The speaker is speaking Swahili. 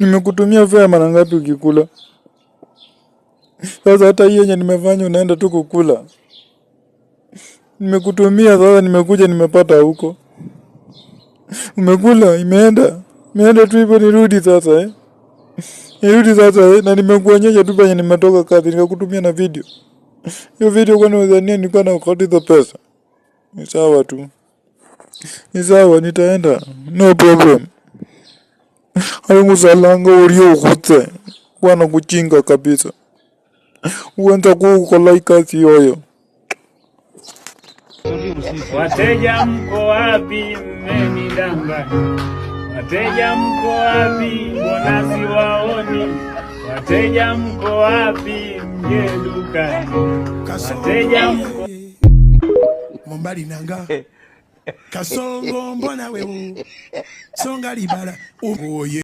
nimekutumia fea mara ngapi ukikula? Sasa hata hiyo yenye nimefanya unaenda tu kukula, nimekutumia. Sasa nimekuja nimepata huko, umekula, imeenda imeenda tu hivyo, nirudi sasa eh? Nirudi sasa eh? na nimekuonyesha tu penye nimetoka kazi, nikakutumia na video hiyo video, kwani Tanzania nilikuwa na ukati za pesa. Ni sawa tu, ni sawa, nitaenda, no problem. Hayo musalanga uliukhutse wana kuchinga kabisa uwenza kuukhola ikasi yoyo Wateja mko wapi? Mmenidanganya. Wateja mko wapi? Mbona siwaoni? Wateja mko wapi? Mje dukani. Wateja mko... Mombali nanga. Eh kasongo mbona wewu songa libala ubuye